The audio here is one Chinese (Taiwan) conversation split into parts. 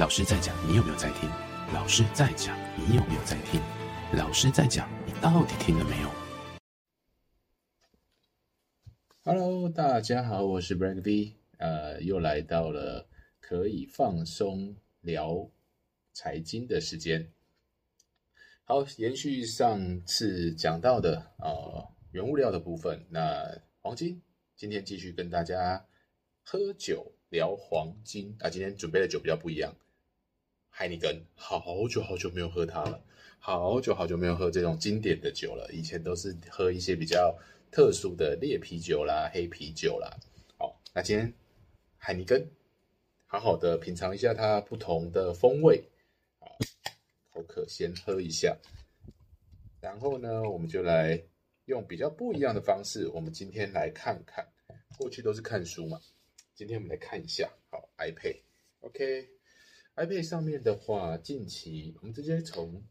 老師在講，你有沒有在聽？老師在講，你有沒有在聽？老師在講，你到底聽了沒有？Hello，大家好，我是、Bren、b r a n k V，呃，又來到了可以放鬆聊財經的時間。好，延續上次講到的啊、呃，原物料的部分，那黃金今天繼續跟大家。喝酒聊黃金啊！今天準備的酒比較不一樣，海尼根，好久好久沒有喝它了，好久好久沒有喝這種經典的酒了。以前都是喝一些比較特殊的烈啤酒啦、黑啤酒啦。好，那今天海尼根，好好的品嘗一下它不同的風味。好，口渴先喝一下，然後呢，我們就來用比較不一樣的方式，我們今天來看看，過去都是看書嘛。今天我們來看一下，好，iPad，OK，iPad，okay. 上面的話，近期我們直接從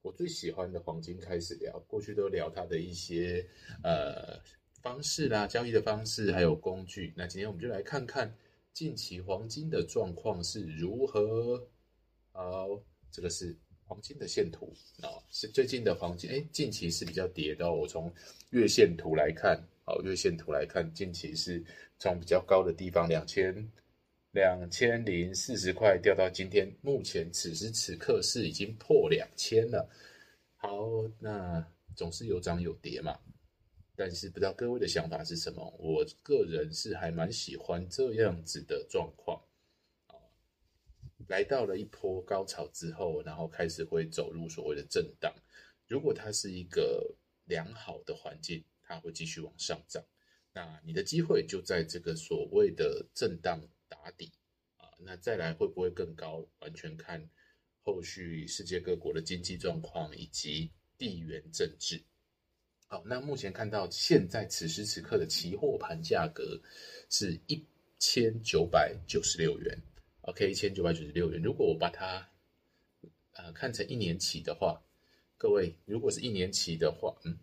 我最喜歡的黃金開始聊，過去都聊它的一些呃方式啦，交易的方式，還有工具、嗯。那今天我們就來看看近期黃金的狀況是如何。好，這個是黃金的線圖，啊、哦，是最近的黃金，哎、欸，近期是比較跌的、哦。我從月線圖來看。好，月線圖來看，近期是從比較高的地方兩千兩千零四十塊掉到今天，目前此時此刻是已經破兩千了。好，那總是有漲有跌嘛，但是不知道各位的想法是什麼，我個人是還蠻喜歡這樣子的狀況。啊，來到了一波高潮之後，然後開始會走入所謂的震盪。如果它是一個良好的環境。它會繼續往上漲，那你的機會就在這個所謂的震盪打底啊。那再來會不會更高，完全看後續世界各國的經濟狀況以及地緣政治。好，那目前看到現在此時此刻的期貨盤價格是一千九百九十六元，OK，一千九百九十六元。如果我把它，呃，看成一年期的話，各位如果是一年期的話，嗯，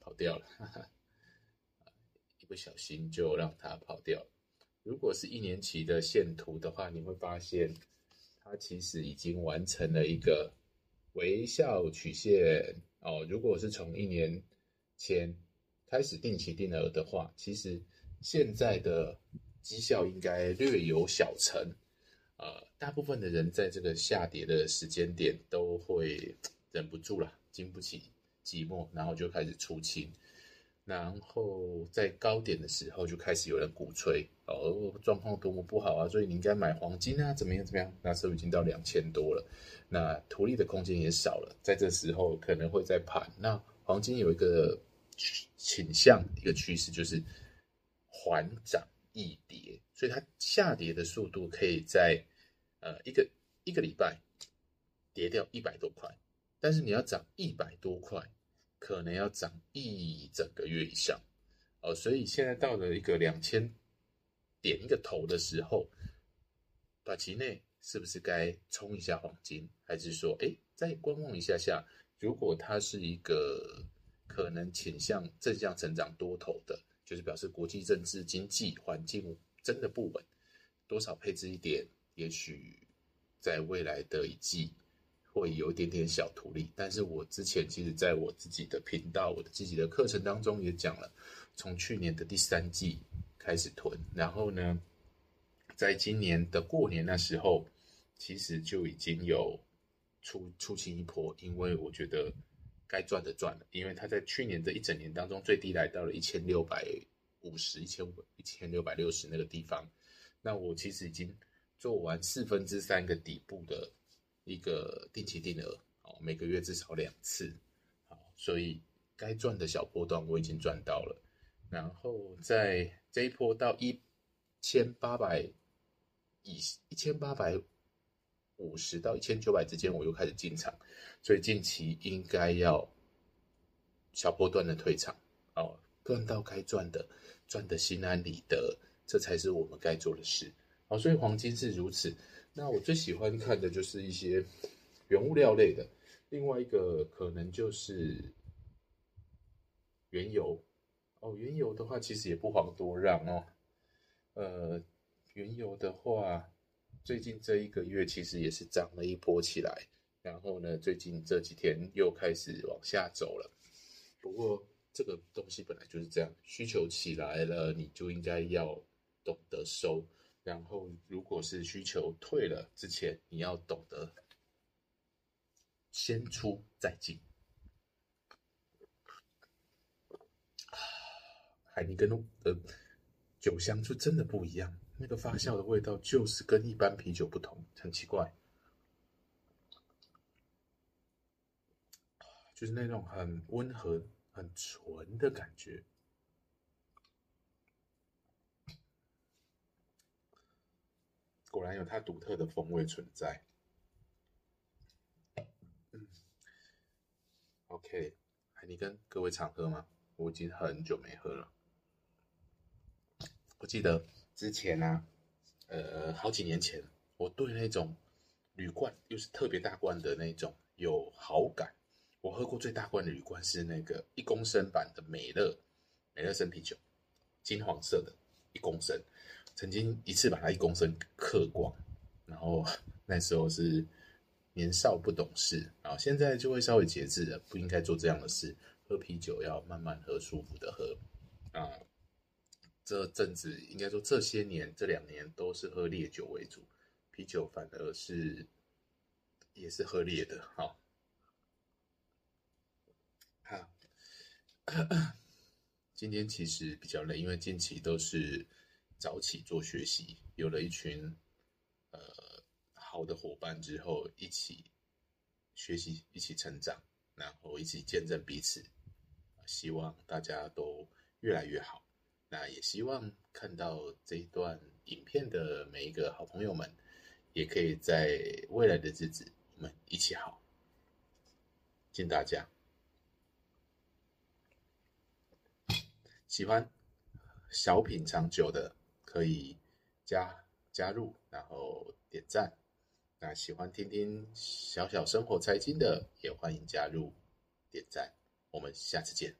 跑掉了。哈哈不小心就讓它跑掉。如果是一年期的線圖的話，你會發現它其實已經完成了一個微笑曲線哦。如果是從一年前開始定期定額的話，其實現在的績效應該略有小成。呃，大部分的人在這個下跌的時間點都會忍不住了，經不起寂寞，然後就開始出清。然後在高點的時候就開始有人鼓吹哦，狀況多麼不好啊，所以你應該買黃金啊，怎麼樣怎麼樣？那時候已經到兩千多了，那圖利的空間也少了，在這時候可能會再盤。那黃金有一個傾向，一個趨勢就是緩漲易跌，所以它下跌的速度可以在呃一個一個禮拜跌掉一百多塊，但是你要漲一百多塊。可能要漲一整個月以上，哦，所以現在到了一個兩千點一個頭的時候，短期內是不是該衝一下黃金？還是說，哎，再觀望一下下？如果它是一個可能傾向正向成長多頭的，就是表示國際政治經濟環境真的不穩，多少配置一點，也許在未來的一季，會有一點點小圖利，但是我之前其實在我自己的頻道、我的自己的課程當中也講了，從去年的第三季開始囤，然後呢，在今年的過年那時候，其實就已經有出出清一波，因為我覺得該賺的賺了，因為它在去年的一整年當中最低來到了一千六百五十、一千五、一千六百六十那個地方，那我其實已經做完四分之三個底部的。一個定期定額，哦，每個月至少兩次，所以該賺的小波段我已經賺到了，然後在這一波到一千八百以一千八百五十到一千九百之間，我又開始進場，所以近期應該要小波段的退場，哦，賺到該賺的，賺的心安理得，這才是我們該做的事，哦，所以黃金是如此。那我最喜歡看的就是一些原物料類的，另外一個可能就是原油哦，原油的話其實也不遑多讓哦。呃，原油的話，最近這一個月其實也是漲了一波起來，然後呢，最近這幾天又開始往下走了。不過這個東西本來就是這樣，需求起來了你就應該要懂得收。然後，如果是需求退了之前，你要懂得先出再進。海尼根的、呃、酒香就真的不一樣，那個發酵的味道就是跟一般啤酒不同，嗯、很奇怪，就是那種很溫和、很純的感覺。還有它獨特的風味存在。OK，你跟各位常喝嗎？我已經很久沒喝了。我記得之前呢、啊，呃，好幾年前，我對那種鋁罐，又是特別大罐的那種，有好感。我喝過最大罐的鋁罐是那個一公升版的美樂美樂生啤酒，金黃色的，一公升。曾經一次把它一公升喝光，然後那時候是年少不懂事啊。然後現在就會稍微節制了，不應該做這樣的事。喝啤酒要慢慢喝，舒服的喝啊、嗯。這陣子應該說這些年這兩年都是喝烈酒為主，啤酒反而是也是喝烈的。好、哦，好， 今天其實比較累，因為近期都是。早起做學習，有了一群呃好的夥伴之後，一起學習，一起成長，然後一起見證彼此。希望大家都越來越好。那也希望看到這一段影片的每一個好朋友們，也可以在未來的日子，我們一起好。敬大家！喜歡小品長久的。可以加加入，然後點讚。那喜歡聽聽小小生活財經的，也歡迎加入點讚。我們下次見。